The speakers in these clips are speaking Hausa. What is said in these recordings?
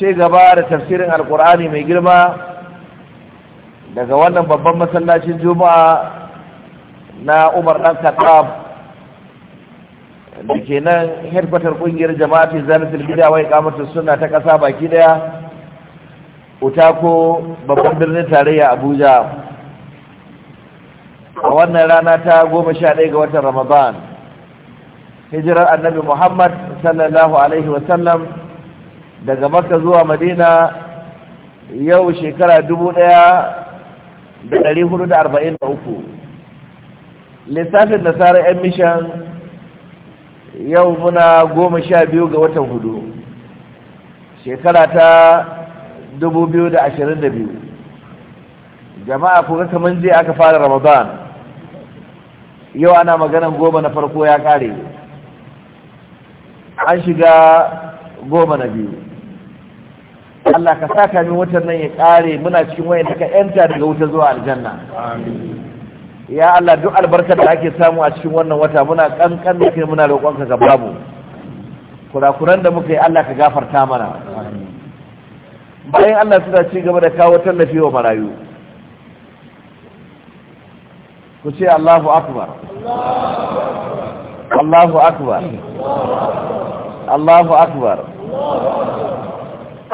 ce gaba da tafsirin alkur'ani mai girma daga wannan babban masallacin juma'a na umar Dan katab da ke nan herfatar ƙungiyar jama'atin zanatul gida wai kamatar suna ta ƙasa baki ɗaya utako babban birnin tarayya abuja a wannan rana ta goma sha ɗaya ga watan ramadan hijirar annabi muhammad sallallahu alaihi wasallam daga maka zuwa madina yau shekara dubu ɗaya da ɗari hudu da arba'in da uku lissafin nasarar 'yan mishan yau muna goma sha biyu ga watan hudu shekara ta dubu biyu da ashirin da biyu jama'a kuka kamar jiya aka fara ramadan yau ana maganan goma na farko ya kare an shiga goma na biyu Allah ka sa kamin wutar nan ya kare muna cikin wayan da ka yanta daga wuta zuwa aljanna ya Allah duk albarkar da ake samu a cikin wannan wata muna kankan da kai muna roƙonka ga babu kurakuran da muka yi Allah ka gafarta mana bayan Allah suna ci gaba da kawo tallafi wa marayu ku ce Allahu akbar Allahu akbar Allahu akbar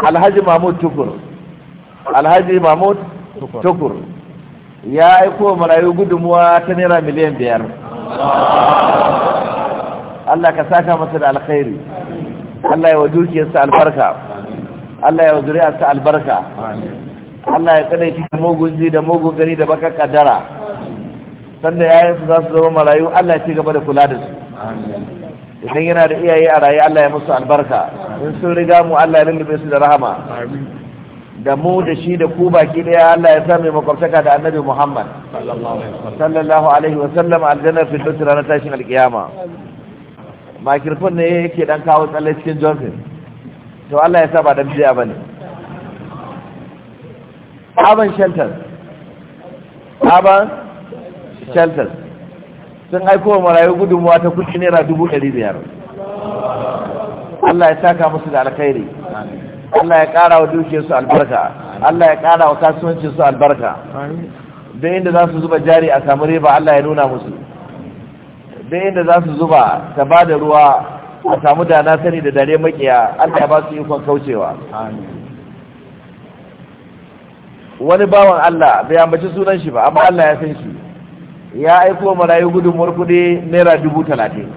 alhaji mahmud tukur alhaji mahmud tukur ya aiko marayu gudunmuwa ta naira miliyan biyar Allah ka saka masa da alkhairi Allah ya wa dukiyarsa albarka Allah ya wa zuri'arsa albarka Allah ya kada shi da mugun ji da mugun gani da baka kaddara sannan yayin su za su zama marayu Allah ya ci gaba da kula da su idan yana da iyaye a raye Allah ya musu albarka in sun riga mu Allah ya lullube su da rahama da mu da shi da ku baki daya Allah ya sami makwabtaka da annabi Muhammad sallallahu alaihi wa sallam aljanna fi dutra na tashin alkiyama makirfin ne yake dan kawo tsalle cikin Johnson to Allah ya sa ba dan biya bane Aban Shelter Aban Shelter sun aiko wa marayu gudunmuwa ta kudi naira dubu ɗari biyar Allah ya saka musu da alkhairi Allah ya ƙara wa dukiyarsu albarka Allah ya ƙara wa kasuwancinsu albarka don inda za su zuba jari a samu riba Allah ya nuna musu don inda za su zuba ta ba da ruwa a samu da na sani da dare makiya Allah ya ba su ikon kaucewa wani bawan Allah bai ambaci sunan shi ba amma Allah ya san shi ya aiko marayu gudunmuwar kudi naira dubu talatin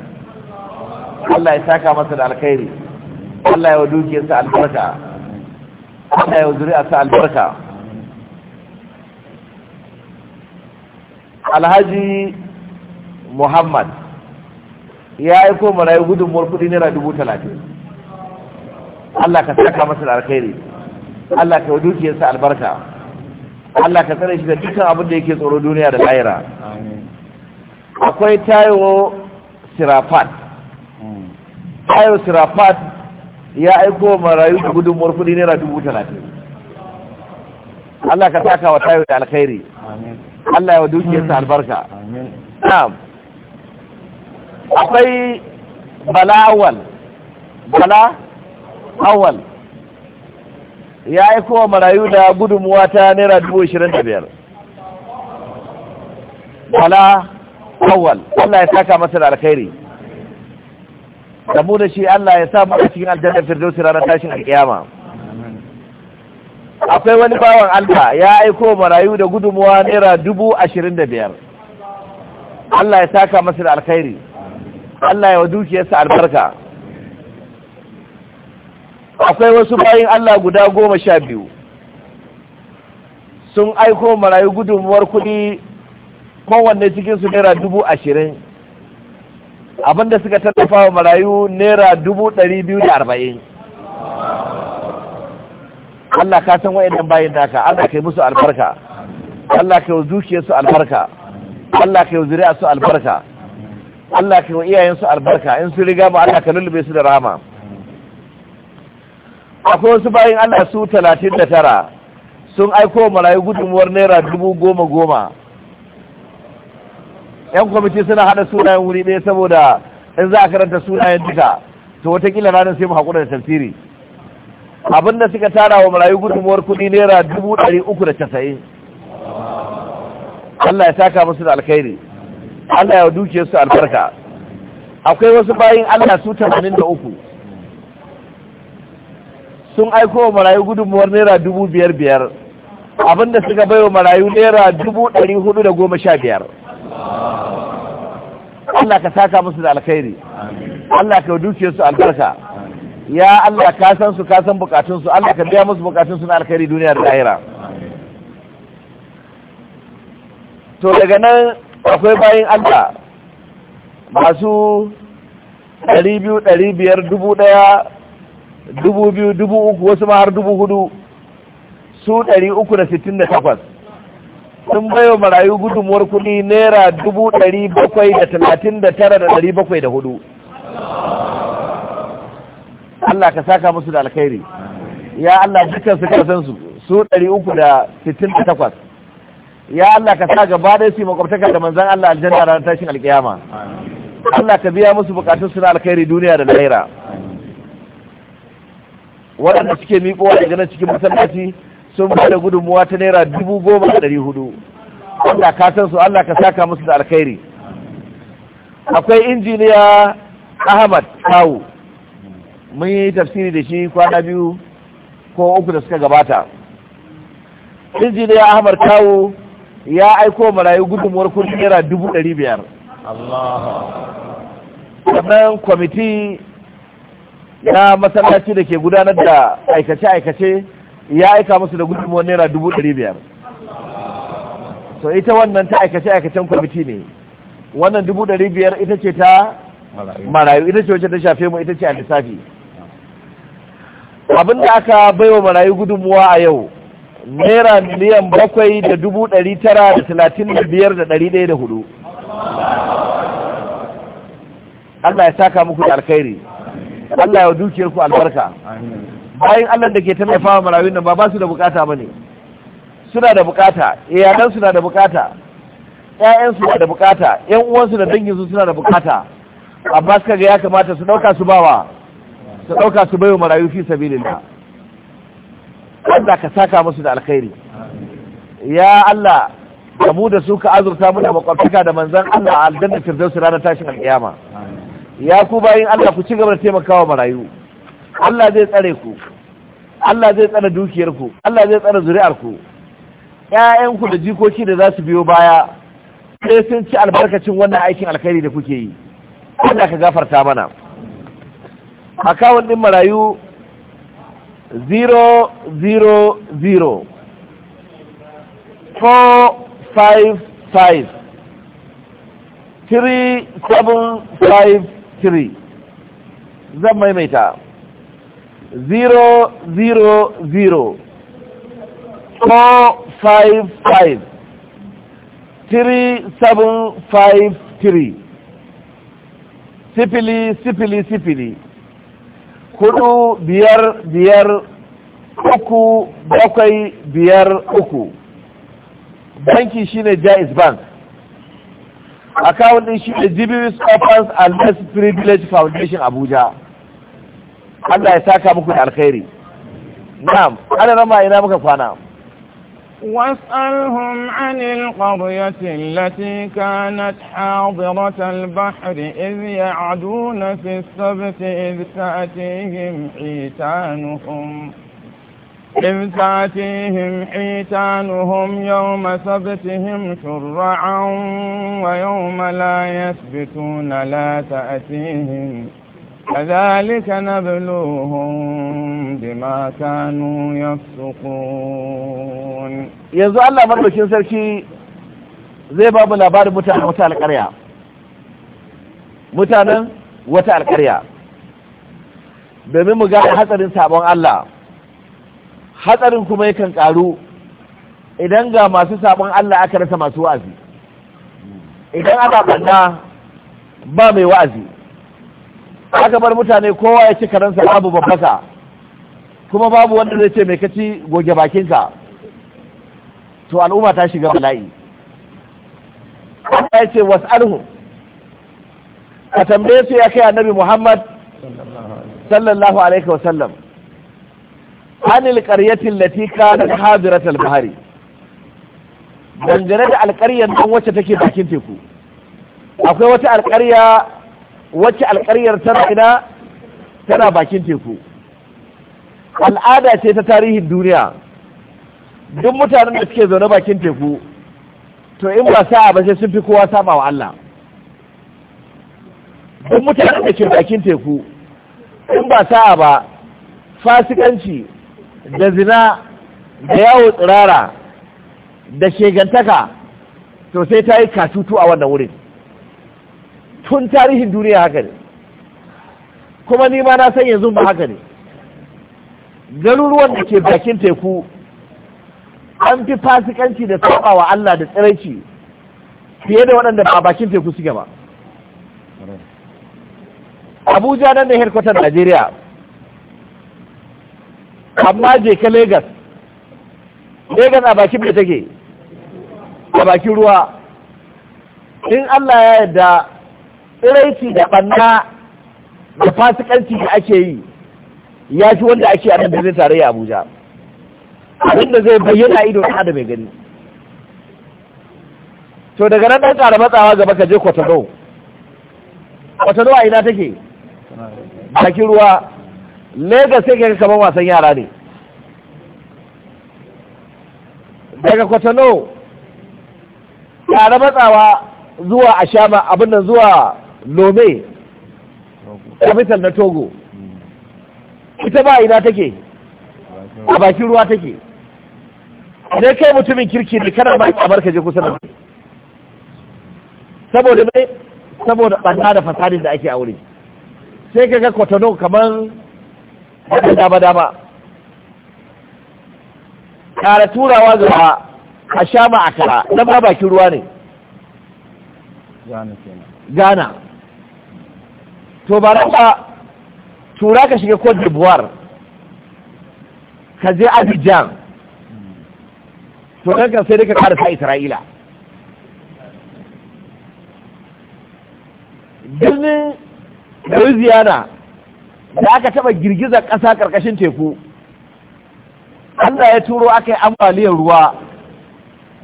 Allah ya saka masa da alkhairi Allah ya dukiyarsa albarka Allah ya zuri'arsa albarka Alhaji Muhammad ya aiko marayu gudunmuwar kudi naira dubu talatin Allah ka saka masa da alkhairi Allah ka dukiyarsa albarka Allah ka tsare shi da dukkan abin da yake tsoro duniya da lahira akwai tayo sirafat tayo sirafat ya aiko marayu da gudunmuwar kudi naira dubu talatin Allah ka saka wa tayo da alkhairi Allah ya wa dukiyarsa albarka akwai bala awal bala awal ya aiko wa marayu da gudunmuwa ta naira dubu da biyar bala awwal Allah ya saka masa da alkhairi da da shi Allah ya sa mu cikin aljanna firdausi ranar tashin alkiyama akwai wani bawan Allah ya aiko marayu da gudunmuwa naira dubu ashirin da biyar Allah ya saka masa da alkhairi Allah ya wa dukiyarsa albarka akwai wasu bayin Allah guda goma sha biyu sun aiko marayu gudunmuwar kuɗi kowanne cikin su naira dubu ashirin abinda suka tattafa wa marayu naira dubu ɗari biyu da arba'in Allah ka san wa'in bayan naka Allah ka yi musu albarka Allah ka yi zuciyarsu albarka Allah ka yi zuri'arsu albarka Allah ka yi iyayensu albarka in su riga ba Allah ka lullube su da rama akwai wasu bayan Allah su talatin da tara sun aiko marayu gudunmuwar naira dubu goma goma yan kwamiti suna hada sunayen wuri ɗaya saboda in za a karanta sunayen duka to watakila ranar sai mu haƙura da tafsiri abin da suka tara wa marayu gudunmuwar kuɗi naira dubu ɗari uku da casa'in Allah ya saka musu da alkhairi Allah ya duke su albarka akwai wasu bayin Allah su tamanin da uku sun aiko wa marayu gudunmuwar naira dubu biyar biyar abinda suka bai wa marayu naira dubu ɗari hudu da goma sha biyar Allah ka saka musu da alkhairi Allah ka duke su albarka ya Allah ka san su ka san bukatun su Allah ka biya musu bukatun su na alkhairi duniya da lahira to daga nan akwai bayin Allah masu ɗari biyu ɗari biyar dubu ɗaya dubu biyu dubu uku wasu ma har dubu hudu su ɗari uku da sittin da takwas sun bayo marayu gudunmuwar kuɗi naira dubu ɗari bakwai da talatin da tara da ɗari bakwai da hudu Allah ka saka musu da alkhairi ya Allah dukkan su san su su ɗari uku da sittin da takwas ya Allah ka sa gaba da su makwabtaka da manzan Allah aljanna ranar tashin alkiyama Allah ka biya musu bukatun su na alkhairi duniya da naira. waɗanda suke miƙowa daga nan cikin masallaci sun bada da gudunmuwa ta naira dubu goma a ɗari hudu wanda ka san su Allah ka saka musu da alkhairi akwai injiniya ahmad kawu mun yi tafsiri da shi kwana biyu ko uku da suka gabata injiniya ahmad kawu ya aiko marayu gudunmuwar kudin naira dubu ɗari biyar sannan kwamiti na masallaci da ke gudanar da aikace-aikace ya aika musu da gudunmuwar naira dubu ɗari biyar so ita wannan ta aikace aikacen kwamiti ne wannan dubu ɗari biyar ita ce ta marayu ita ce wacce ta shafe mu ita ce a lissafi abinda aka baiwa marayu gudunmuwa a yau naira miliyan bakwai da dubu ɗari tara da talatin da biyar da ɗari ɗaya da hudu Allah ya saka muku da alkhairi Allah ya dukiyar ku albarka bayan Allah da ke ta fama marayun nan ba ba su da bukata ba ne. suna da bukata iyalan suna na da bukata ƴaƴan suna na da bukata ƴan uwan su da dangin su suna da bukata amma suka ga ya kamata su dauka su bawa su dauka su bayo marayu fi sabilillah wanda ka saka musu da alkhairi ya Allah kamu mu da su ka azurta mu da makwabtaka da manzon Allah a aljanna firdausi ranar tashin alkiyama ya ku bayin Allah ku ci gaba da taimakawa marayu Allah zai tsare ku Allah zai tsare dukiyarku Allah zai tsare zuri'arku ƴaƴanku da jikoki da za su biyo baya sai sun ci albarkacin wannan aikin alkhairi da kuke yi Allah ka gafarta mana akawun ɗin marayu 000 3753 zan maimaita zero zero zero four five five three seven five three sifili sifili sifili hudu biyar biyar uku bakwai biyar uku banki shine jais bank account din shine gbs offers and best privilege foundation abuja Allah ya saka muku da alkhairi na'am ana rama ina muka kwana واسألهم عن القرية التي كانت حاضرة البحر إذ يعدون في السبت إذ تأتيهم حيتانهم إذ تأتيهم حيتانهم يوم سبتهم شرعا ويوم لا يسبتون لا تأتيهم كذلك نبلوهم بما كانوا يفسقون yanzu Allah madaukin sarki zai babu labarin mutanen wata alƙarya mutanen wata alƙarya domin mu gane hatsarin sabon Allah hatsarin kuma ya kan ƙaru idan ga masu sabon Allah aka rasa masu wa'azi idan aka banna ba mai wa'azi aka bar mutane kowa ya ci karansa babu babbasa. kuma babu wanda zai ce mai kaci goge bakinka to al'umma ta shiga bala'i ya ce wasu alhu. ka tambaye su ya kai annabi Muhammad sallallahu alaihi wasallam anil qaryatin lati kanat hadirat al-bahri dangane da alƙaryar don wacce take bakin teku akwai wata alƙarya wacce alƙaryar tana ina tana bakin teku al'ada ce ta tarihin duniya duk mutanen da suke zaune bakin teku to in ba sa'a ba sai sun fi kowa sama wa Allah duk mutanen da ke bakin teku in ba sa'a ba fasikanci da zina da yawo tsirara da shegantaka to sai ta yi katutu a wannan wurin tun tarihin duniya haka ne kuma ni ma na san yanzu ba haka ne garuruwan da ke bakin teku an fi fasikanci da saba wa Allah da tsiraici fiye da waɗanda ba bakin teku suke ba abuja nan da herkwatar najeriya amma je ka Legas. Legas a bakin da take a bakin ruwa in Allah ya yarda tsiraici da ɓanna da fasikanci da ake yi ya fi wanda ake a nan da zai tarayya abuja abinda zai bayyana ido na da mai gani to daga nan ɗan ƙara matsawa gaba ka je kwatano kwatano a ina take bakin ruwa Legas sai kaga kamar wasan yara ne daga kwatano ƙara matsawa zuwa a abin abinda zuwa lome capital na togo ita ba ina take a bakin ruwa take ne kai mutumin kirki ne kanar ba kamar ka je kusa da saboda mai saboda ɓanna da fasadin da ake a wuri? sai ka ga kwatano kamar da dama dama kara turawa zuwa a sha ma a kara na ba bakin ruwa ne gana to ba raka tura ka shiga ko d'ivoire ka je abidjan to kankan sai daga ka karasa isra'ila birnin louisiana da aka taba girgizar ƙasa ƙarƙashin teku allah ya turo aka yi ambaliyar ruwa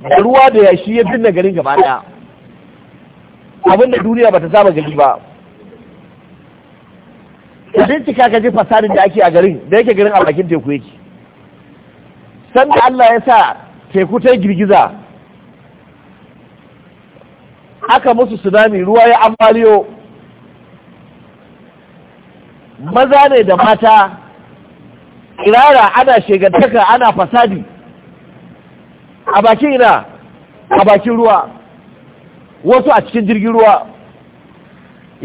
da ruwa da yashi ya binne garin gaba abinda duniya ba ta saba gari ba ka bincika ka ji fasadin da ake a garin da yake garin a bakin teku yake san da Allah ya sa teku ta girgiza aka musu tsunami ruwa ya ambaliyo maza ne da mata irara ana shegantaka ana fasadi a bakin ina a bakin ruwa wasu a cikin jirgin ruwa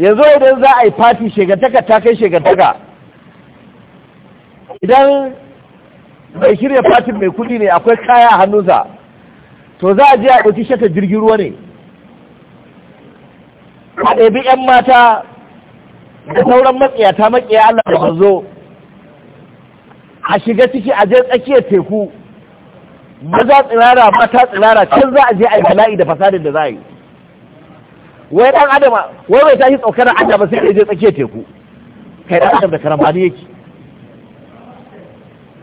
yanzu idan za a yi fati shekataka ta kai shekataka idan mai shirya fatin mai kudi ne akwai kaya a hannunsa to za a je a ɗauki shata jirgin ruwa ne a ɗabi 'yan mata da sauran ta maƙiya Allah da manzo a shiga ciki a je tsakiyar teku maza tsirara mata tsirara can za a je a yi bala'i da fasadin da za a yi wai dan adam wai bai tashi tsaukar Allah ba sai ya je tsakiya teku kai dan adam da ne yake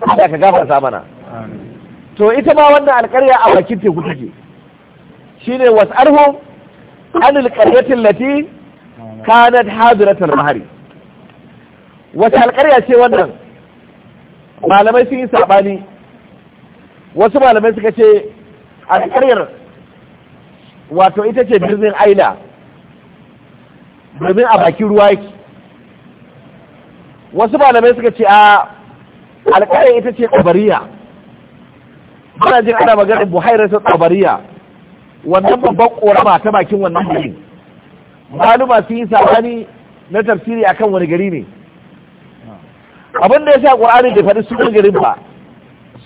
Allah ka gafarta mana to ita ma wannan alƙarya a bakin teku take shine was'arhum an qaryati allati kanat al-mahari wata alƙarya ce wannan malamai sun yi sabani wasu malamai suka ce alƙaryar wato ita ce birnin aila domin a bakin ruwa yake wasu malamai suka ce a alƙarin ita ce tsabariya ana jin ana magana buhairar ta tsabariya wannan babban ƙorama ta bakin wannan gari maluma su yi sabani na tafsiri a kan wani gari ne abinda ya sa ƙur'ani da faɗi sunan garin ba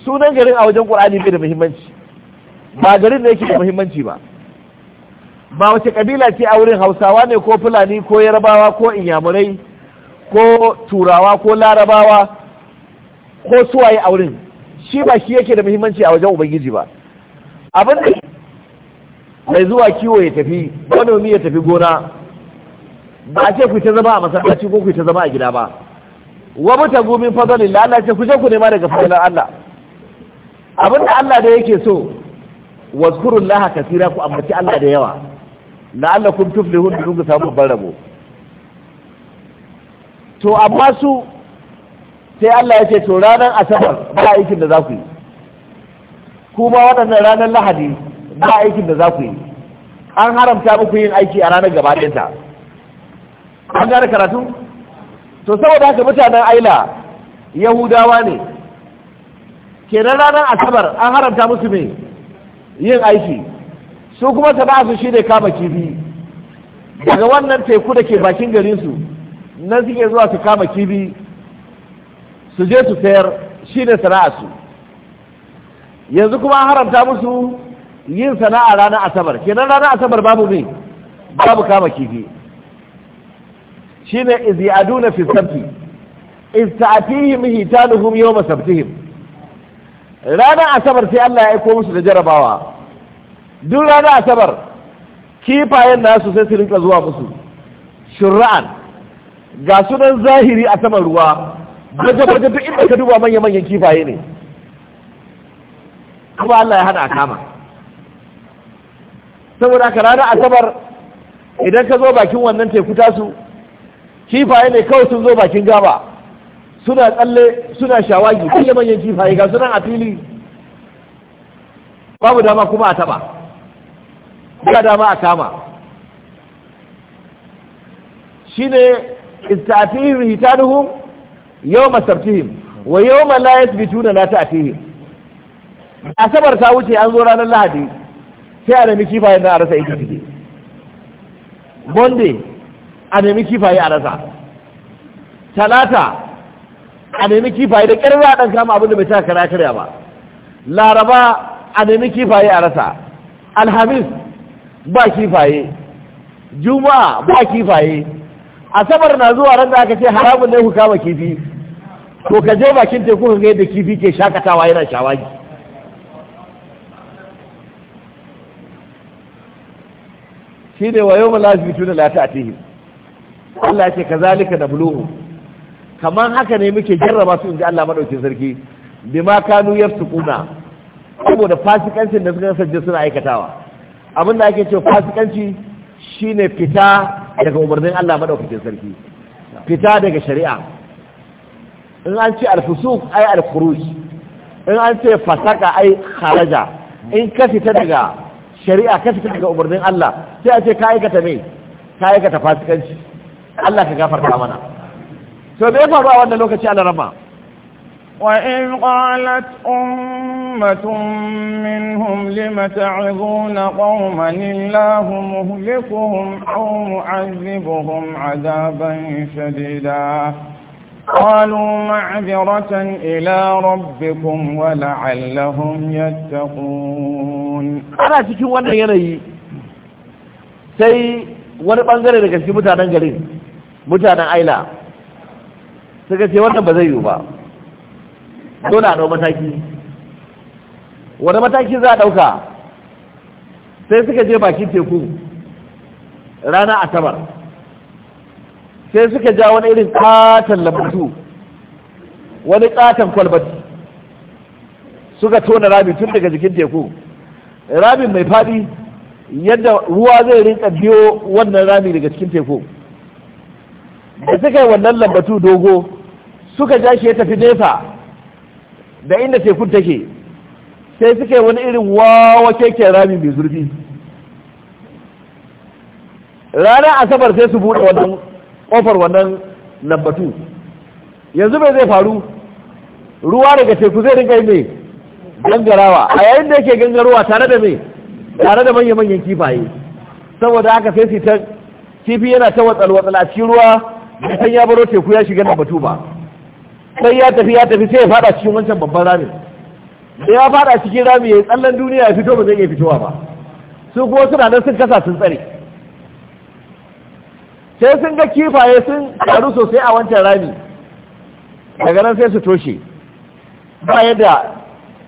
sunan garin a wajen ƙur'ani bai da muhimmanci ba garin da yake da muhimmanci ba ba wace kabila ce a wurin hausawa ne ko fulani ko yarbawa ko inyamurai ko turawa ko larabawa ko suwaye a wurin shi ba shi yake da muhimmanci a wajen ubangiji ba abin da mai zuwa kiwo ya tafi manomi ya tafi gona ba a ce ku ta zama a masallaci ko ku ta zama a gida ba wa mutu gumin fadalin Allah ce ku je ku nema daga fadalin Allah abin da Allah da yake so wazkurullaha kasira ku ambaci Allah da yawa la'allakum tuflihun da ku samu babban rabo to amma su sai Allah ya ce to ranar asabar ba aikin da za ku yi kuma waɗannan ranar lahadi ba aikin da za ku yi an haramta muku yin aiki a ranar gaba ta an gane karatu to saboda haka mutanen aila yahudawa ne kenan ranar asabar an haramta musu mai yin aiki su kuma su shi ne kama kifi daga wannan teku da ke bakin garinsu nan suke zuwa su kama kifi su je su sayar shi ne su. yanzu kuma haramta musu yin sana'a ranar asabar kenan ranar asabar babu ne babu kama kifi shi ne iziyaduna fi sabti ista'atihim hitanuhum yawma sabtihim ranar asabar sai Allah ya aiko musu da jarabawa duk rana asabar kifayen su sai su rinka zuwa musu shura'an ga sunan zahiri a saman ruwa baje-baje duk inda ka duba manya-manyan kifaye ne kuma Allah ya hana a kama saboda ka rana asabar idan ka zo bakin wannan teku tasu kifaye ne kawai sun zo bakin gaba suna tsalle suna shawagi kulle manyan kifaye ga sunan a fili babu dama kuma a taba ba dama a kama Shi ne istatihim hitanuhum yau sabtihim wa yawma la yathbituna la ta'tihim asabar ta wuce an zo ranar lahadi sai a nemi kifaye na a rasa ita take monday a nemi kifaye a rasa talata a nemi kifaye da ƙirar raɗan kama abinda bai taka karya ba laraba a nemi kifaye a rasa alhamis ba kifaye juma'a ba kifaye asabar na zuwa ran da aka ce haramun ne ku kama kifi to ka je bakin teku ka ga yadda kifi ke shakatawa yana shawagi shi ne wa yawon lazitu da lati a tihim Allah ce ka zalika da buluhu kamar haka ne muke jarraba su inji Allah maɗauki sarki ma kanu kuna saboda fasikancin da suka kasance suna aikatawa abin da ake ce fasikanci shine fita daga umarnin Allah maɗaukacin sarki fita daga shari'a in an ce alfusuk ai alkhuruj in an ce fasaka ai kharaja in ka fita daga shari'a ka fita daga umarnin Allah sai a ce ka aikata mai ka aikata fasikanci Allah ka gafarta mana to me ya faru a wannan lokaci Allah rama وإذ قالت أمة منهم لم تعظون قوما الله مهلكهم أو معذبهم عذابا شديدا قالوا معذرة إلى ربكم ولعلهم يتقون أنا cikin wannan yanayi sai wani bangare daga cikin garin mutanen aila suka ce ba zai yiwu ba dole a mataki wani mataki za a ɗauka sai suka je bakin teku rana asabar sai suka ja wani irin katon lambatu wani katon kwalbati suka tona rami tun daga jikin teku ramin mai faɗi yadda ruwa zai rinka biyo wannan rami daga cikin teku da suka yi wannan lambatu dogo suka ja shi ya tafi nesa da inda tekun take sai suke wani irin wawa keke rami mai zurfi ranar asabar sai su buɗe wannan ƙofar wannan lambatu yanzu mai zai faru ruwa daga teku zai rinka yi mai gangarawa a yayin da yake gangarawa tare da mai tare da manya-manyan kifaye saboda haka sai su ta kifi yana ta watsal-watsal a cikin ruwa da ya baro teku ya shiga lambatu ba sai ya tafi ya tafi sai ya fada cikin wancan babban ramin da ya fada cikin rami ya tsallan duniya ya fito ba zai iya fitowa ba su kuma suna nan sun kasa sun tsare sai sun ga kifaye sun karu sosai a wancan rami daga nan sai su toshe ba yadda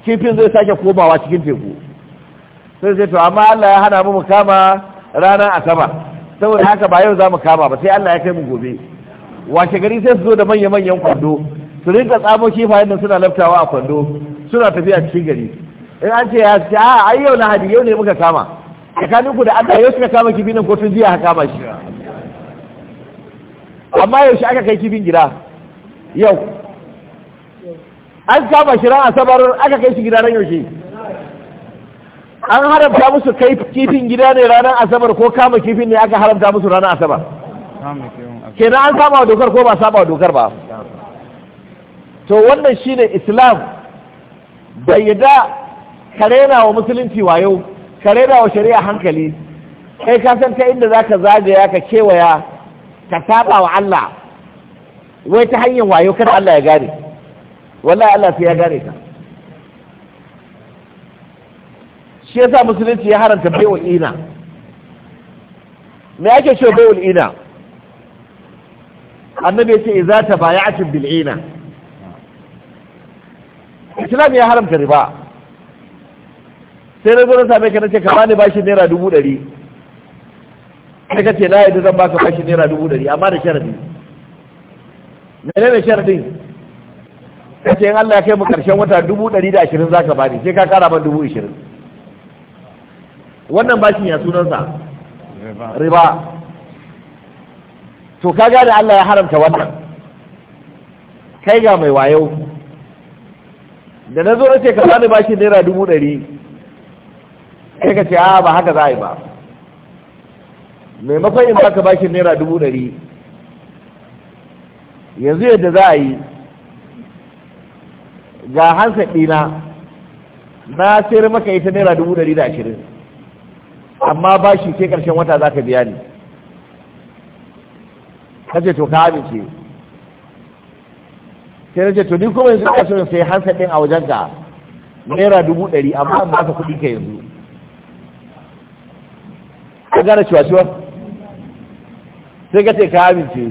kifin zai sake komawa cikin teku sai sai to amma Allah ya hana mu mu kama ranar asaba saboda haka ba yau za mu kama ba sai Allah ya kai mu gobe washe gari sai su zo da manya-manyan kwando su rinka tsamo kifayen nan suna laftawa a kwando suna tafiya cikin gari in an ce ya ce a ah, ai yau lahadi yau ne muka kama tsakanin ku da Allah yau suka kama kifin nan ko tun jiya aka kama shi amma yaushe aka kai kifin gida yau an kama shi ran asabar aka kai shi gida ran yaushe an haramta musu kai kifin gida ne ranar asabar ko kama kifin ne aka haramta musu ranar asabar kenan an saba wa dokar ko ba saba wa dokar ba to wannan shine islam bai yadda kare rena wa musulunci wayo Kare rena wa shari'a hankali kai ka san ta inda zaka zagaya ka kewaya ka saba wa Allah wai ta hanyar wayo kada Allah ya gane wallahi Allah sai ya gane ka shi yasa musulunci ya haranta bai'ul ina me ake shi bai'ul ina annabi ya ce idza tabaya'tum bil ina islam ya haramta riba sai na zo na same ka nace ka bani bashi naira dubu ɗari sai ka ce na yadda zan baka bashi naira dubu ɗari amma da sharadi menene sharadin ka ce in Allah ya kai mu karshen wata dubu ɗari da ashirin za ka bani sai ka kara man dubu ashirin wannan bashin ya sunansa riba to kaga da Allah ya haramta wannan kai ga mai wayo da na zo ce ka bani bashi naira dubu ɗari kai ka ce a ba haka za a yi ba maimakon in baka bashi naira dubu ɗari yanzu yadda za a yi ga hansa ɗina na sayar maka ita naira dubu ɗari da ashirin amma bashi sai ƙarshen wata za ka biya ni kace to ka amince sai na to ni kuma yanzu ina so sai hansa din a wajen ka naira dubu ɗari amma an baka kuɗi ka yanzu ka gane cewa sai ka ce ka amince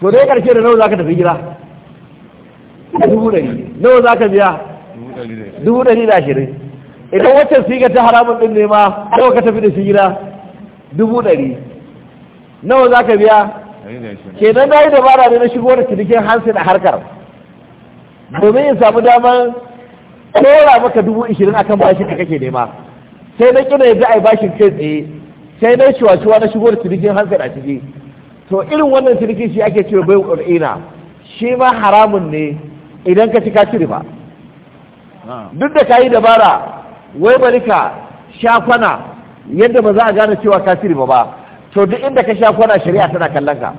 to dai karshe da nawa za ka tafi gida dubu ɗari nawa za ka biya dubu ɗari da ashirin idan waccan siga ta haramun ɗin ne ma nawa ka tafi da shi gida dubu ɗari nawa za ka biya kenan na yi dabara ne na shigo da cinikin hansi da harkar domin in samu damar kora maka dubu ishirin akan bashin da kake nema sai na kina yanzu ai bashin kai tsaye sai na shuwa-shuwa na shigo da cinikin hansi a ciki to irin wannan cinikin shi ake cewa bai ƙul'ina shi ma haramun ne idan ka ci ka ci duk da ka yi dabara wai bari ka sha kwana yadda ba za a gane cewa ka ci riba ba to duk inda ka sha kwana shari'a tana kallon ka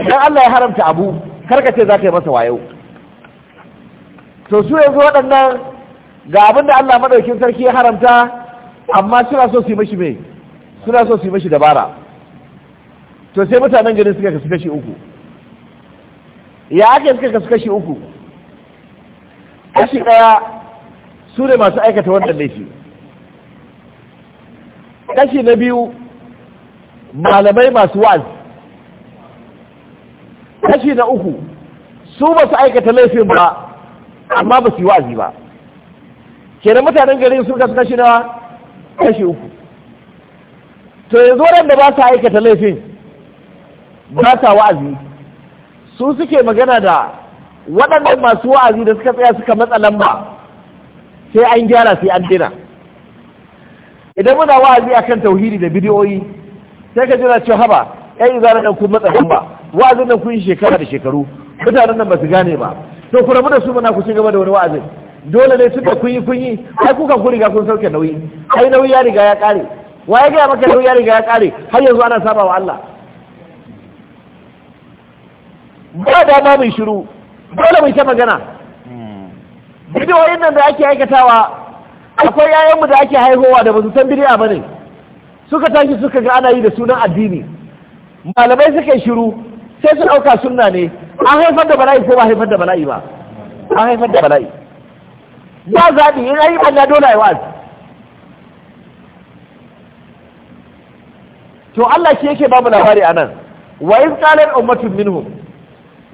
idan Allah ya haramta abu karka ce za ka yi masa wayo to su yanzu waɗannan ga abin da Allah maɗaukin sarki ya haramta amma suna so su yi mashi mai suna so su yi mashi dabara to sai mutanen gani suka kasu kashi uku ya ake suka kasu kashi uku kashi ɗaya su ne masu aikata wannan laifi kashi na biyu malamai masu wa'azi kashi na uku su ba su aikata laifin ba amma ba su yi wa'azi ba Ke da mutanen garin sun kasu kashi na kashi uku to yanzu waɗanda ba su aikata laifin ba sa wa'azi su suke magana da waɗannan masu wa'azi da suka tsaya suka matsa lamba sai an gyara sai an dina idan muna wa'azi akan tauhidi da bidiyoyi sai ka jira cewa haba ƴan izalar ɗan kun matsa ba wa'azin nan kun yi shekara da shekaru mutanen nan ba su gane ba to ku rabu da su mana ku ci gaba da wani wa'azin dole ne tunda kun yi kun yi ai kuka ku riga kun sauke nauyi ai nauyi ya riga ya kare wa ya gaya maka nauyi ya riga ya kare har yanzu ana saba wa Allah ba da ma mai shiru dole mai ta magana bidiyoyin nan da ake aikatawa akwai yayanmu da ake haihuwa da ba su san bidiya ba ne suka tashi suka ga ana yi da sunan addini malamai suka yi shiru sai su ɗauka sunna ne an haifar da bala'i ko ba haifar da bala'i ba an haifar da bala'i ba zaɓi in an yi ɓanna dole ya wa'azi to Allah shi yake babu labari a nan wa in qalat ummatun minhum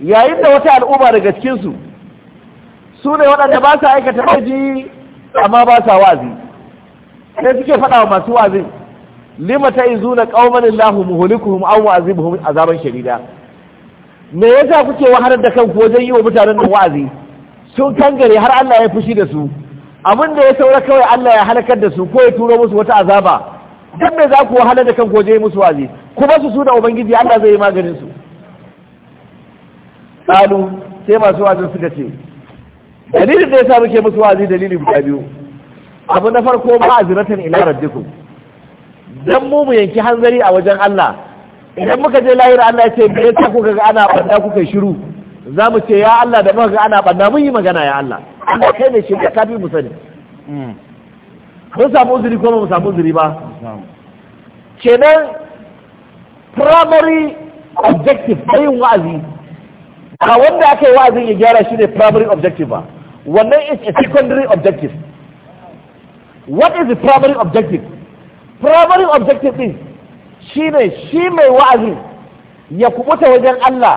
yayin da wata al'umma daga cikin su su ne waɗanda ba sa aikata maji amma ba sa wa'azi sai suke faɗa wa masu wa'azin. lima ta izuna qauman Allahu muhlikuhum aw mu'azibuhum azaban shadida me yasa kuke wahalar da kanku wajen yi wa mutanen nan wa'azi sun kangare har Allah ya fushi da su abin da ya saura kawai Allah ya halakar da su ko ya turo musu wata azaba Don me za ku wahalar da kanku wajen yi musu wa'azi kuma su su da ubangiji Allah zai yi maganin su qalu sai masu wa'azin suka ce dalilin da yasa muke musu wa'azi dalili guda biyu abu na farko ma'aziratan ila rabbikum dan mu mu yanki hanzari a wajen Allah idan muka je lahira Allah ya ce me yasa kuka ga ana banda kuka shiru za mu ce ya Allah da muka ga ana banda mun yi magana ya Allah Allah kai ne shi da kafi mu sani hmm. mun samu uzuri ko mun samu uzuri ba kenan primary objective na yin wa'azi a wanda aka yi wa'azin ya gyara shi ne primary objective ba wannan is a secondary objective what is the primary objective primary objective din ne shi mai wa'azi ya kubuta wajen Allah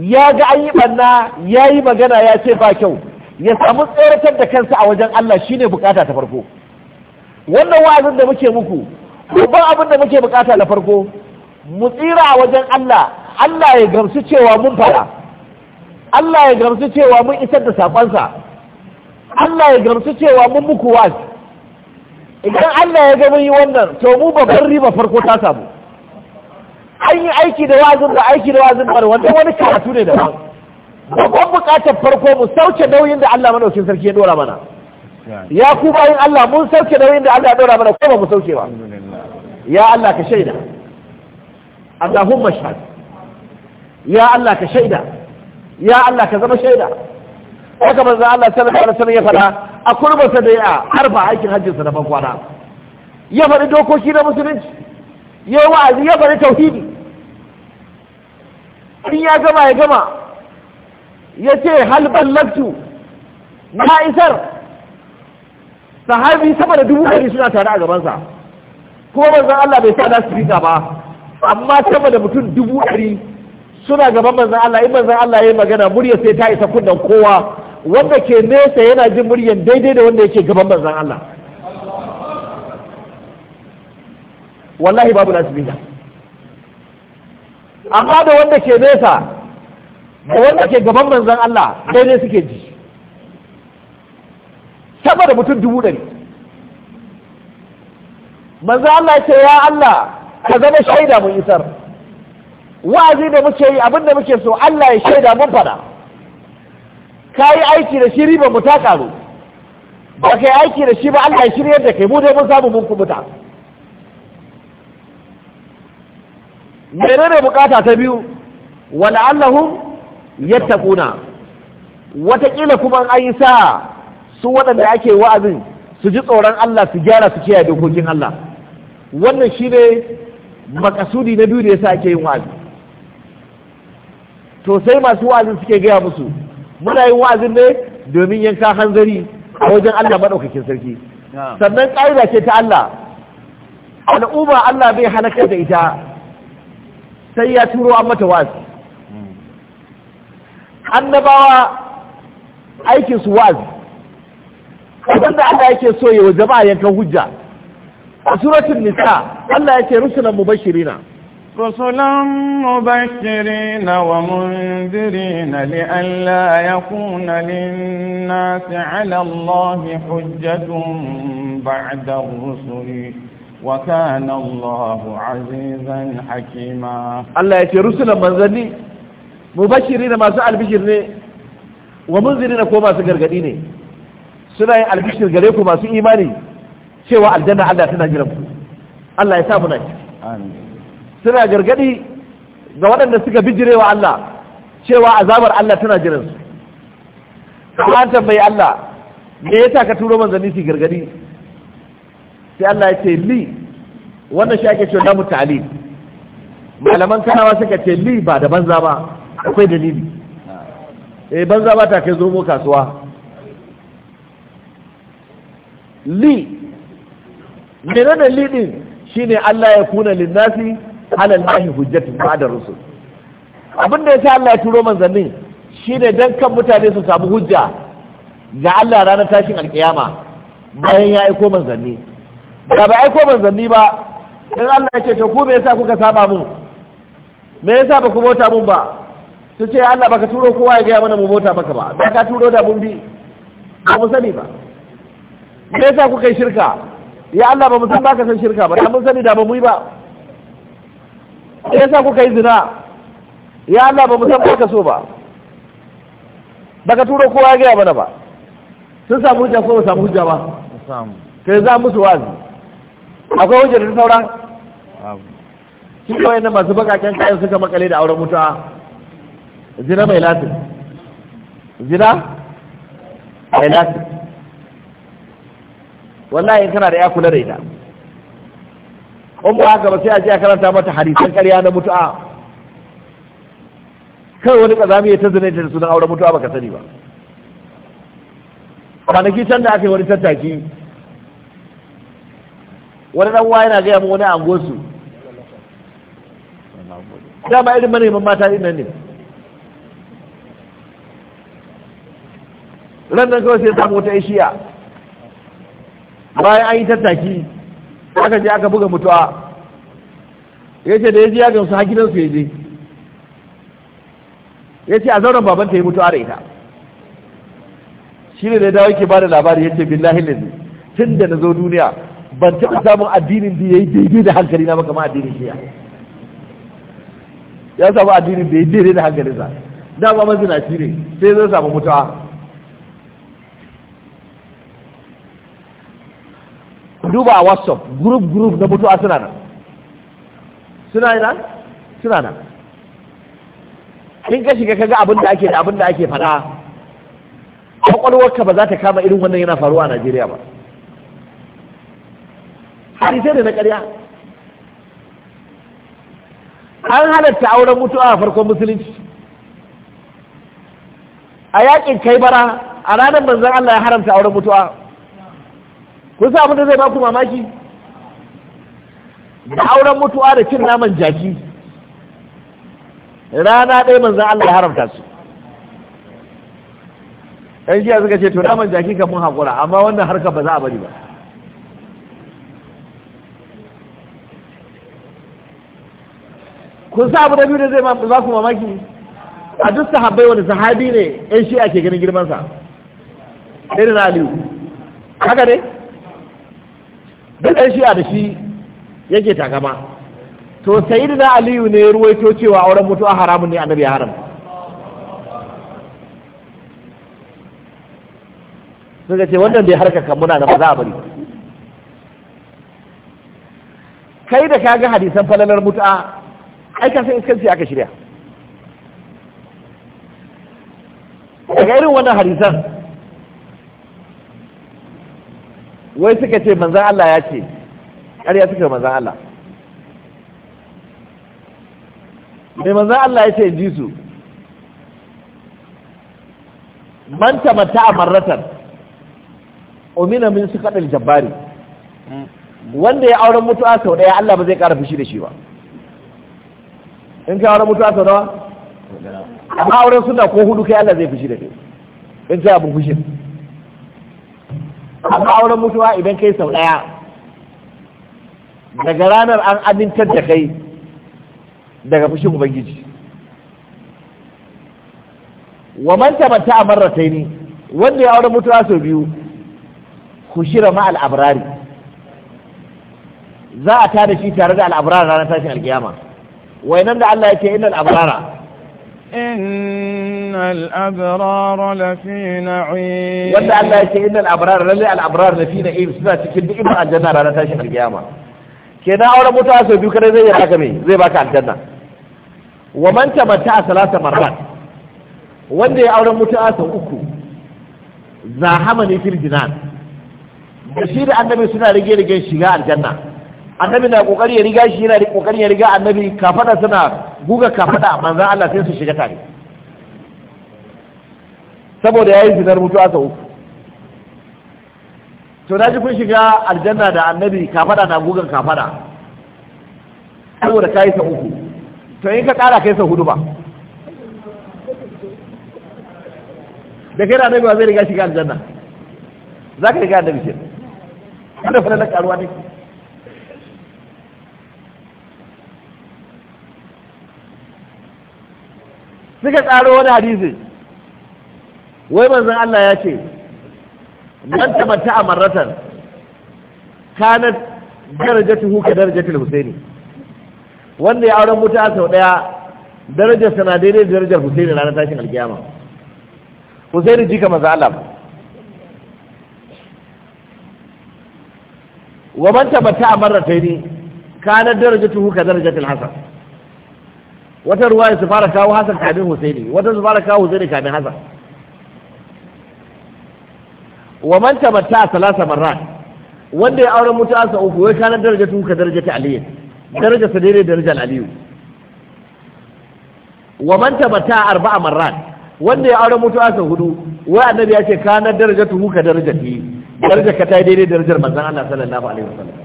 ya ga an yi banna ya yi magana ya ce ba kyau ya samu tseratar da kansa a wajen Allah shi ne bukata ta farko wannan wa'azin da muke muku babban abin da muke bukata na farko mu tsira a wajen Allah Allah ya gamsu cewa mun fara Allah ya gamsu cewa mun isar da saƙonsa Allah ya gamsu cewa mun muku wa'azi idan Allah ya ga yi wannan to mu babban riba farko ta samu an yi aiki da wazin da aiki da wazin bar wanda wani karatu ne da daban babban bukatar farko mu sauke nauyin da Allah madaukin sarki ya dora mana ya ku bayin Allah mun sauke nauyin da Allah ya dora mana kuma ba mu sauke ba ya Allah ka shaida Allahumma shahad ya Allah ka shaida ya Allah ka zama shaida haka za Allah sallallahu alaihi wasallam ya faɗa a sa da ya harfa aikin hajjinsa na bankwana ya faɗi dokoki na musulunci ya yi wa'azi ya faɗi tauhidi in ya gama ya gama ya ce halban laftu na isar sahabi sama da dubu ɗari suna tare a gabansa ko manzan Allah bai sa su su ba amma sama da mutum dubu ɗari suna gaban manzan Allah in manzan Allah ya yi magana murya sai ta isa kunnen kowa wanda ke nesa yana jin muryan daidai da wanda yake gaban manzon Allah wallahi babu nasibina amma da wanda ke nesa da wanda ke gaban manzon Allah daidai suke ji sama da mutum dubu ɗari manzon Allah ce ya Allah ka zama shaida mun isar wa'azi da muke yi abinda muke so Allah ya shaida mun fada ka yi aiki da shi riba mu ta karu ba ka aiki da shi ba Allah ya shiryar da kai mu dai mun samu mun kubuta menene bukata ta biyu wala'allahum yattaquna watakila kuma an yi sa su wadanda ake wa'azin su ji tsoron Allah su gyara su kiyaye dokokin Allah wannan shine makasudi na biyu da yasa ake yin wa'azi to sai masu wa'azin suke gaya musu muna yin wa'azin ne domin yanka hanzari a wajen Allah maɗaukakin sarki sannan ƙa'ida ce ta Allah al'umma Allah bai halakar da ita sai ya turo an mata wa'azi annabawa aikin su wa'azi idan da Allah yake so ya wa jama'a yankan hujja a suratun nisa Allah yake rusulan mubashirina رسلا مبشرين ومنذرين لئلا يكون للناس على الله حجة بعد الرسل وكان الله عزيزا حكيما الله يتي رسلا منذرين مبشرين ما سأل بشرين ومنذرين كما سقرقدين سنة البشر قريكم ما سي إيماني شوى الجنة الله تنجرم الله يسامنا آمين suna gargadi ga waɗanda suka wa Allah cewa azabar Allah tana jiran su an tambayi Allah me yasa ka turo manzanni su gargadi sai Allah ya ce li wannan shi ake cewa namu ta'lim malaman kanawa suka ce li ba da banza ba akwai dalili eh banza ba ta kai zomo kasuwa li menene li din shine Allah ya kuna linnasi halal lahi hujjatu ba'da rusul abin da yasa Allah ya turo shi shine dan kan mutane su samu hujja ga Allah ranar tashin alkiyama bayan ya aiko manzanni da ba aiko manzanni ba in Allah ya ce to ku me yasa kuka saba mu me yasa ba ku bauta mun ba su ce Allah baka turo kowa ya gaya mana mu bota maka ba ba ka turo da mun bi ba mu sani ba me yasa kuka yi shirka ya Allah ba mu san baka san shirka ba da mun sani da ba mu yi ba ya sa kuka yi zina ya Allah ba musamman san baka so ba baka turo kowa ya gaya mana ba sun samu hujja ko ba samu hujja ba yi za musu wazi akwai hujja da sauran shi kawai na masu bakaken kayan suka makale da auren mutuwa zina mai latin zina mai latin wallahi kana da ya kula da ita in ba haka ba sai a je a karanta mata hadisan ƙarya na mutu'a kai wani kazami ya ta zane da sunan auren mutu'a baka sani ba kwanaki can da aka yi wani tattaki wani dan uwa yana gaya mu wani angosu dama irin maneman mata din nan ne ran nan kawai sai ta wata ishiya bayan an yi tattaki aka je aka buga mutuwa ya ce da ya je ya gamsu har gidansu ya je ya ce a zauren baban ta yi mutuwa da ita shi ne da ya dawo yake ba da labari ya ce billahi lalzi tun da na zo duniya ban taɓa samun addinin da ya yi daidai da hankali na makama addinin shiya ya samu addinin da ya yi daidai da hankalinsa mazina shi ne sai zai samu mutuwa duba a whatsapp group group na mutuwa suna nan suna nan suna nan in ka shiga kaga abin da ake da abin da ake faɗa kwakwalwarka ba za ta kama irin wannan yana faruwa a najeriya ba harisai da na ƙarya an halatta auren mutuwa a farkon musulunci a yakin kai bara a ranar manzan Allah ya haramta auren mutuwa kun sa abin da zai baku mamaki da auren mutuwa da cin naman jaki rana ɗaya manzan Allah ya haramta su ɗan jiya suka ce to naman jaki kan mun haƙura amma wannan harkar ba za a bari ba kun sa abu da biyu da zai ba ku mamaki a duk sahabbai wani sahabi ne ɗan shi ake ganin girmansa irin aliyu haka dai da ɗan shi'a da shi yake takama to na aliyu ne ruwaito cewa auren mutuwa haramun ne annabi ya haram sun ce wannan bai harka kan muna da ba za a bari kai da ka ga hadisan falalar mutu'a ai ka san iskanci aka shirya daga irin wannan hadisan wai suka ce manzan Allah ya ce ƙarya suka manzan Allah mai manzan Allah ya ce in ji su man mata a marratar omina min su kaɗa jabbari wanda ya auren mutuwa sau ɗaya Allah ba zai ƙara fushi da shi ba in ka auren mutuwa sau nawa amma auren suna ko hudu kai Allah zai fushi da kai in ka abin fushin amma auren mutuwa idan kai sau ɗaya daga ranar an amintar da kai daga fushin ubangiji wa man tabata a marratai ne wanda ya auren mutuwa sau biyu ku shira ma al'abrari za a tada shi tare da al'abrari ranar tashin alkiyama wainan da Allah ya ce innal abrara إن الأبرار لفي نعيم ولا الله يكي إن الأبرار لذي الأبرار لفي نعيم سنة تكد إما الجنة رانا تاشن القيامة كنا أولا متعسى بيكرا زي الحكمي زي باك الجنة ومن تمتع ثلاث مرات wanda ya auren mutu'asa uku zahamani fil jinan da shi da annabi suna rage-ragen shiga aljanna annabi na kokari ya riga shi yana kokari ya riga annabi kafada suna guga kafada manzan Allah sai su shiga tare saboda yayi zinar mutuwa sau uku to da ji kun shiga aljanna da annabi kafada na gugan kafada saboda kai sa uku to in ka kara kai sa hudu ba da kai da annabi ba zai riga shiga aljanna za ka riga annabi ce kada fara da karuwa ne suka tsaro wani hadisi wai manzon Allah ya ce man tabatta a marratan kanat tuhu ka darajatul husaini wanda ya auren mutu a sau daya darajar na daidai da darajar husaini ranar tashin alkiyama husaini ka manzon Allah wa man tabatta a marrataini kanat darajatuhu ka darajatul hasan wata ruwa su fara kawo hasan kamin husaini wata su fara kawo husaini kamin hasan wa man tamatta salasa marrat wanda ya auren mutu'a sa uku ya kana daraja tuka daraja ta aliyu daraja sa daidai daraja aliyu wa man tamatta arba'a marrat wanda ya auren mutu'a sa hudu wai annabi ya ce kana daraja tuka daraja ti daraja ka ta daidai darajar manzon Allah sallallahu alaihi wasallam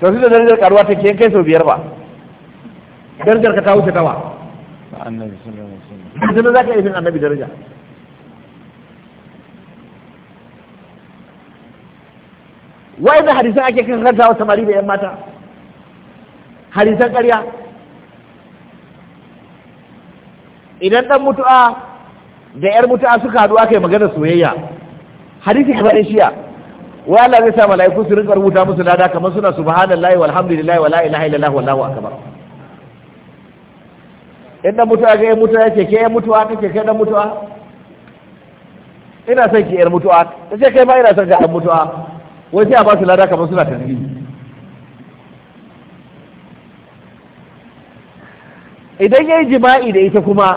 to sai da darajar karuwa take kai sau biyar ba darajar ka ta wuce tawa annabi sallallahu alaihi wasallam za ka yi annabi daraja wai da hadisan ake kan kanta wa samari da yan mata hadisan ƙarya idan dan mutu'a da yar mutu'a suka haɗu aka yi magana soyayya hadisi kamar ɗan shiya wa Allah zai sa mala'iku su rinka rubuta musu lada kamar suna subhanallahi walhamdulillahi wala ilaha illallah wallahu akbar in mutuwa ga yan mutuwa ya ke yan mutuwa kake kai dan mutuwa ina son ki yar mutuwa ta ce kai ma ina son ga dan mutuwa wai sai a ba su lada kamar suna tarihi idan yayi jima'i da ita kuma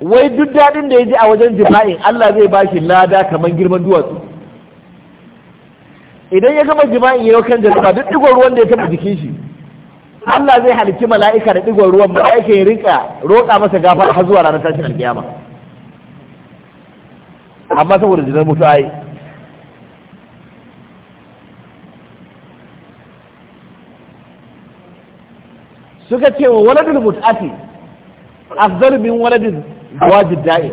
wai duk daɗin da ya ji a wajen jima'in Allah zai ba shi lada kamar girman duwatsu idan ya gama jima'in yau kan jazaba duk digon ruwan da ya taɓa jikin shi Allah zai halicci mala'ika da digon ruwan mala'ika ya rinka roƙa masa gafara har zuwa ranar tashin alƙiyama. amma saboda zinar mutu ai suka ce wa waladul mut'ati afdal min waladin wajid da'i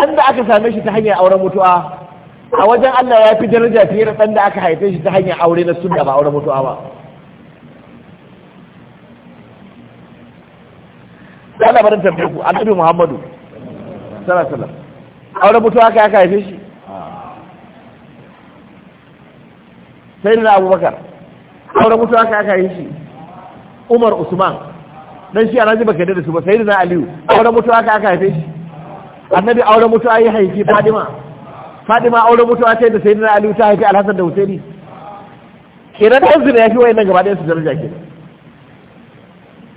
dan da aka same shi ta hanyar auren mutu'a a wajen Allah ya fi daraja fiye da dan da aka haife shi ta hanyar aure na sunna ba auren mutu'a ba da Allah barin tambaye ku annabi Muhammadu sallallahu alaihi wasallam auren mutuwa aka aka haife shi sai na Abubakar auren mutuwa aka aka haife shi Umar Usman dan shi alhaji baka da su ba sai na Aliyu auren mutuwa aka aka haife shi annabi auren mutuwa ayi haifi Fadima Fadima auren mutuwa ta da sayyidina Aliyu ta haifi Alhassan da Husaini kenan da zina ya fi wayannan gaba ɗaya su daraja kenan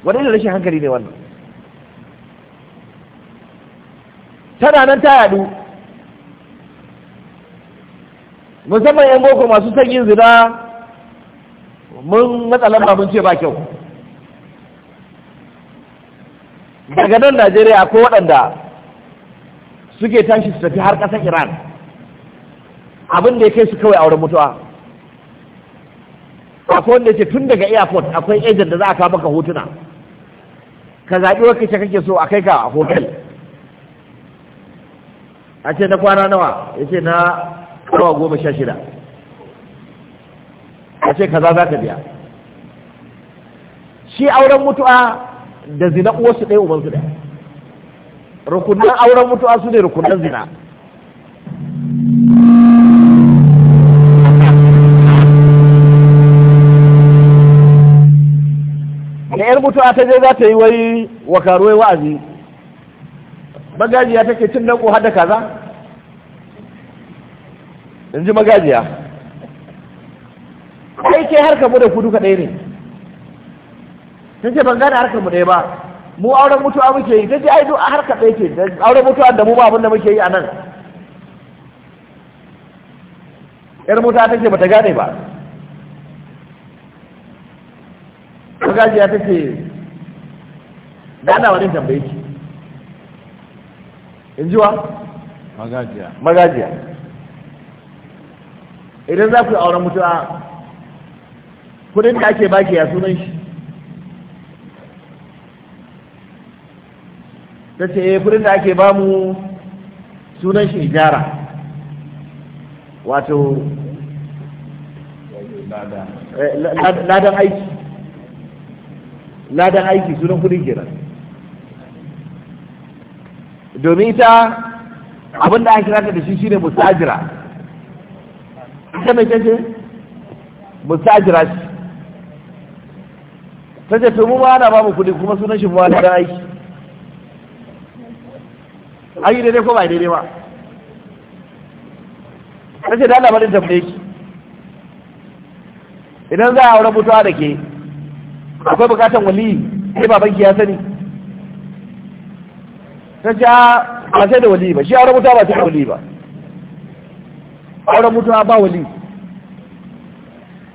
wani da rashin hankali ne wannan tana nan ta yaɗu musamman yan boko masu sanyin zina mun matsalan mun ce ba kyau daga nan najeriya akwai waɗanda suke tashi su tafi har ƙasar iran abin da ya kai su kawai auren mutuwa akwai wanda ce tun daga airport akwai agent da za a kawo maka hotuna ka zaɓi wakil kake so a kai ka a hotel a ce na kwana nawa ya ce na kawo goma sha shida a ce kaza za ka biya shi auren mutu'a da zina uwarsu ɗaya ubansu ɗaya rukunan auren mutu'a su ne rukunan zina da 'yar mutuwa ta je za ta yi wai wakaruwai wa'azi magajiya take cin danko har da kaza in ji magajiya kai ke harkar mu da kudu kaɗai ne ta ce ban gane harkar mu ɗaya ba mu auren mutuwa muke yi ta ce ai duk harkar ɗaya ke auren mutuwa da mu ba abin da muke yi a nan yar mutuwa ta ce bata gane ba magajiya ta ce da ana wani tambayi in ji wa magajiya idan za ku yi auren mutuwa kudin da ake baki ya sunan shi ta ce eh, kudin da ake bamu sunan shi ijara wato eh, ladan aiki ladan aiki sunan kudin kenan domin ita abin da aka kira da shi shine musajira ita mai kace musajira shi ta to mu ma ana ba mu kuɗi kuma sunan shi ma da aiki an yi daidai ko ba daidai ba ta ce da labarin tambaye ki idan za a aure mutuwa da ke akwai bukatan wali sai babanki ya sani ta ja ba sai da wali ba shi auren mutuwa ba sai da wali ba auren mutuwa ba wali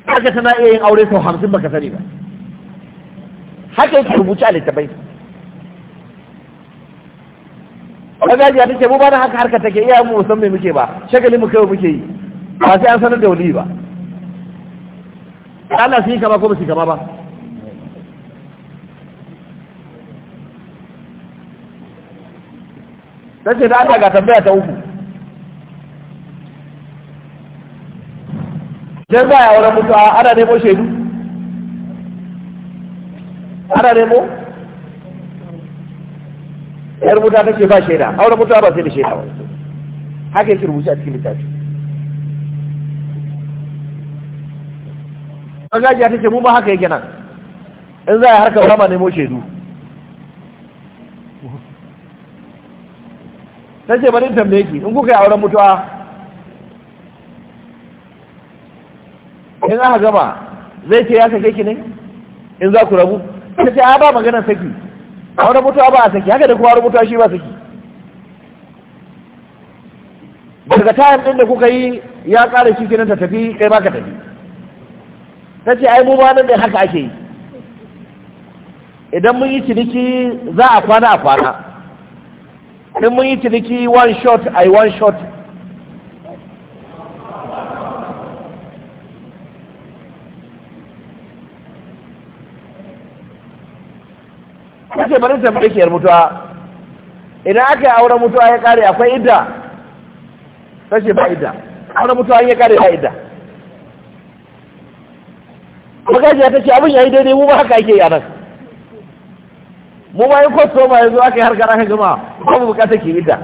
haka tana iya yin aure sau hamsin baka sani ba haka yake rubuce a littabai magajiya ta ce mu ba na haka harka take iya mu san me muke ba shagali mu kai muke yi ba sai an sanar da wali ba Allah su yi kama ko ba su yi kama ba ta ce ta Allah ga tambaya ta uku sai ba ya wurin mutu a ana nemo shaidu ana nemo yar mutu ta ce ba shaida auren mutu ba sai da shaida ba haka yake rubuce a cikin littafi gajiya ta ce mu ba haka yake nan in za a harkar rama nemo shaidu ta ce bari tambaye ki in kuka yi auren mutuwa in aka gama zai ce ya sake ki ne in za ku rabu ta ce a ba maganar saki auren mutuwa ba a saki haka da kuma auren mutuwa shi ba saki daga tayan ɗin da kuka yi ya ƙara shi kenan ta tafi kai ba ka tafi ta ce ai mu ba nan da haka ake yi idan mun yi ciniki za a kwana a kwana in mun yi ciniki one shot ai one shot kace bari ta fike mutuwa idan aka yi auren mutuwa ya kare akwai idda kace ba idda auren mutuwa ya kare ba idda magajiya ta ce abin ya yi daidai mu ba haka ake yi a nan mu bayan kwastoma yanzu aka yi harkar aka gama ba mu bukatar kimita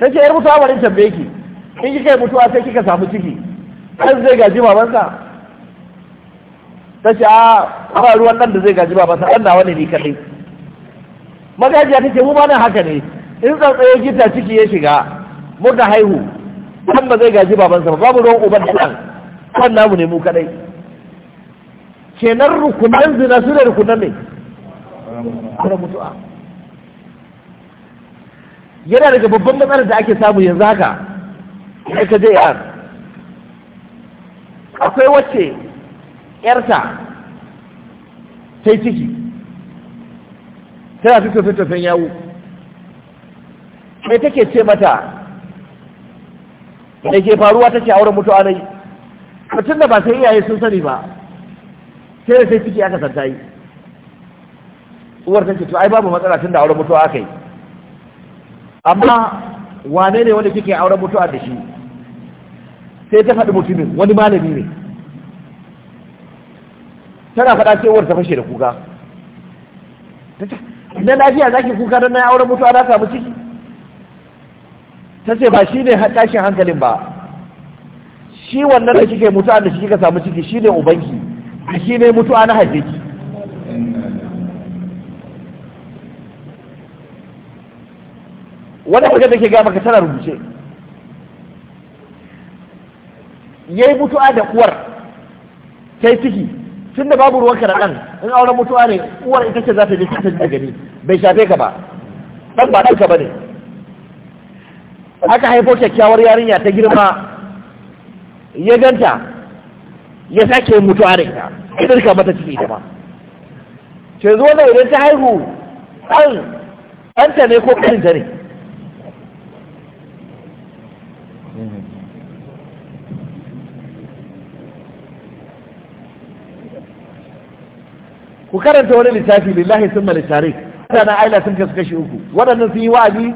ta ce yar mutuwa barin tambaye ki in kika yi mutuwa sai kika samu ciki kan zai gaji babansa ta ce a ba ruwan nan da zai gaji babansa ɗan nawa ne ni kaɗai magajiya ta ce mu ba nan haka ne in tsantsaye gita ciki ya shiga muka haihu kan ba zai gaji babansa ba babu ruwan uban ɗan kan namu ne mu kaɗai kenan rukunan zina su ne rukunan ne kuma mutu'a yana daga babban matsala da ake samu yanzu haka ya ka je akwai wacce yarta ta yi ciki tana fito fito tafen yawo mai take ce mata da ke faruwa take auren mutu'a na yi mutum da ba sai iyaye sun sani ba sai sai ciki aka santa yi uwar ta ce to ai babu matsala tun da auren mutuwa aka yi amma wane ne wanda kike auren mutuwa da shi sai ta faɗi mutumin wani malami ne tana faɗa ce uwar ta fashe da kuka na lafiya zaki kuka don na auren mutuwa na samu ciki ta ce ba shi ne tashin hankalin ba shi wannan da kike mutuwa da shi kika samu ciki shi ne ubanki da shi ne mutuwa na haife ki wani da ke gama ka tana rubuce yi mutuwa da uwar ta yi ciki tun da babu ruwanka da ɗan in auren mutuwa ne uwar ita ce za ta je ta da gani bai shafe ka ba ɗan ba ɗanka ba ne aka haifo kyakkyawar yarinya ta girma ya ganta ya sake a da ita ya dirka mata ciki da ba ce zuwa da idan ta haihu ɗan ɗanta ne ko ƙarinta ne ku karanta wani littafi lillahi sun malitare waɗannan aila sun kasu kashi uku waɗannan sun yi wa'azi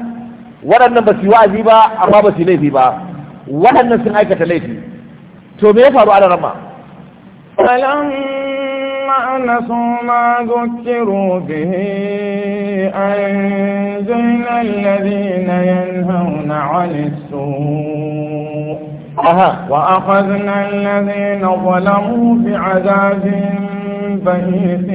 waɗannan ba su yi wa'azi ba amma ba su yi laifi ba waɗannan sun aikata laifi to me ya faru a rama فلما نسوا ما ذكروا به أنزلنا الذين ينهون عن السوء وأخذنا الذين ظلموا بعذاب بئيس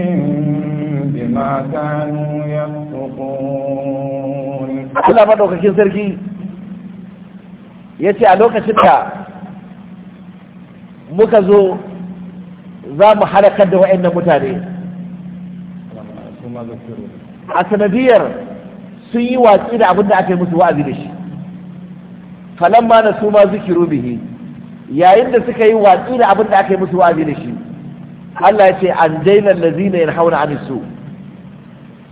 بما كانوا يفسقون الله مدوكاكين سركي yace a lokacin da muka zo za mu halakar da wa'annan mutane a sanadiyar sun yi watsi da abin da aka yi musu wa'azi da shi falamma na su ma zikiru bihi yayin da suka yi watsi da abin da aka yi musu wa'azi da shi Allah ya ce an daina lazina yin hauna an su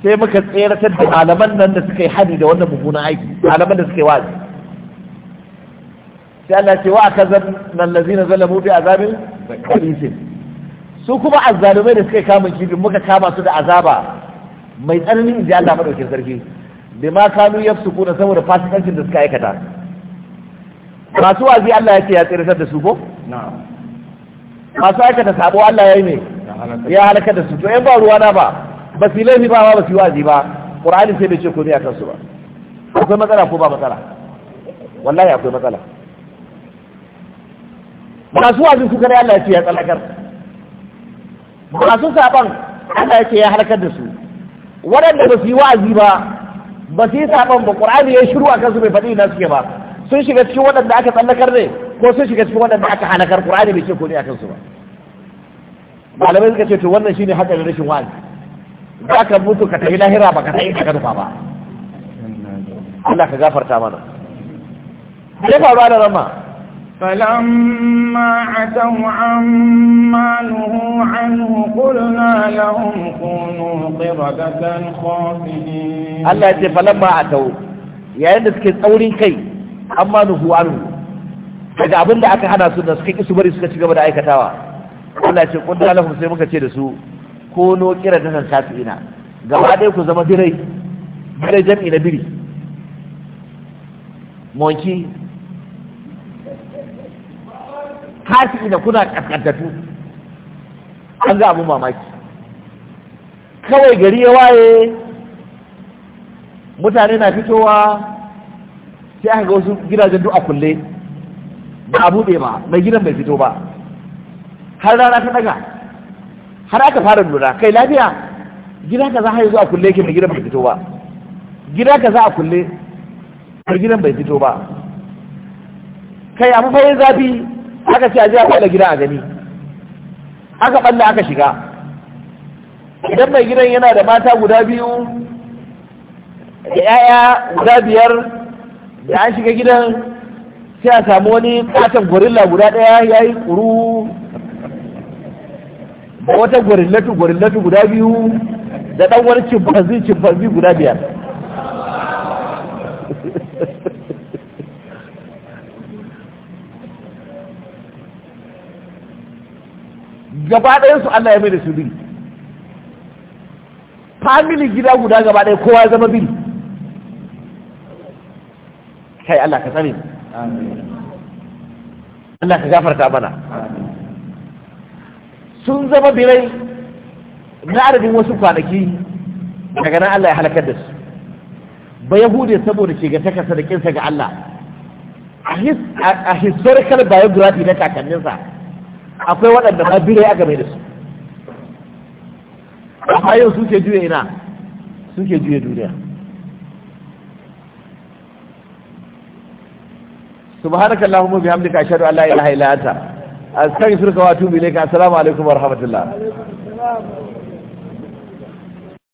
sai muka tseratar da malaman nan da suka yi hani da wannan mummunan aiki malaman da suka yi wa'azi sai Allah ya ce wa akazan nan lazina zalamu bi azabin kalisin su kuma azzalumai da suka kama kifin muka kama su da azaba mai tsananin inda Allah madaukin sarki da ma kanu ya su kuna saboda fasikancin da suka aikata masu wazi Allah ya ce ya tsirtar da su ko masu aikata sabo Allah ya yi ne ya halaka da su to yan ba ruwa na ba ba su laifi ba ba su yi wazi ba qur'ani sai bai ce komai a kansu ba akwai matsala ko ba matsala wallahi akwai matsala masu wazi su kare Allah ya ce ya tsalakar masu saban Allah ya ce ya harkar da su waɗanda ba su yi wa'azi ba ba su yi saban ba ƙur'ani ya shiru a kansu bai faɗi na suke ba sun shiga cikin waɗanda aka tsallakar ne ko sun shiga cikin waɗanda aka halakar ƙur'ani bai ce ko ne kansu ba malamai suka ce to wannan shine hadarin rashin wa'azi za ka mutu ka tafi lahira ba ka tafi ka nufa ba Allah ka gafarta mana. Ya faru da rama, فلما عتوا عما نهوا عنه قلنا لهم كونوا قردة خاسئين الله يقول فلما عتوا يعني da suke tsaurin kai amma nuhu anhu daga abin da aka hana su da suka ki su bari suka ci gaba da aikatawa Allah ce kun lahum sai muka ce da su ko no kira da san kafina gaba dai ku zama birai birai jami'i na biri monki kafi da kuna kaskantattu an ga abin mamaki kawai gari ya waye mutane na fitowa sai aka ga wasu gidajen duk a kulle ba a buɗe ba mai gidan bai fito ba har rana ta daga har aka fara lura kai lafiya gida ka za a yi zuwa kulle ke mai gidan bai fito ba gida ka za a kulle mai gidan bai fito ba kai a mafayin zafi aka ce a ji a kwada gidan a gani aka balla aka shiga idan mai gidan yana da mata guda biyu da 'ya'ya guda biyar da an shiga gidan sai a samu wani katon gorilla guda ɗaya ya yi kuru da wata gorillatu gorillatu guda biyu da ɗan wani cimfanzi cimfanzi guda biyar gaba ɗayan su Allah ya mai da su biri family gida guda gaba ɗaya kowa ya zama biri kai Allah ka tsare Allah ka gafarta mana sun zama birai na adadin wasu kwanaki daga nan Allah ya halakar da su ba hude saboda shiga ta kasa da kinsa ga Allah a historical biography na kakanninsa akwai waɗanda ba birai a game da su amma yau suke juya ina suke juya duniya subhanaka allahumma bihamdika ashhadu an la ilaha illa anta astaghfiruka wa atubu ilayka assalamu alaikum wa rahmatullah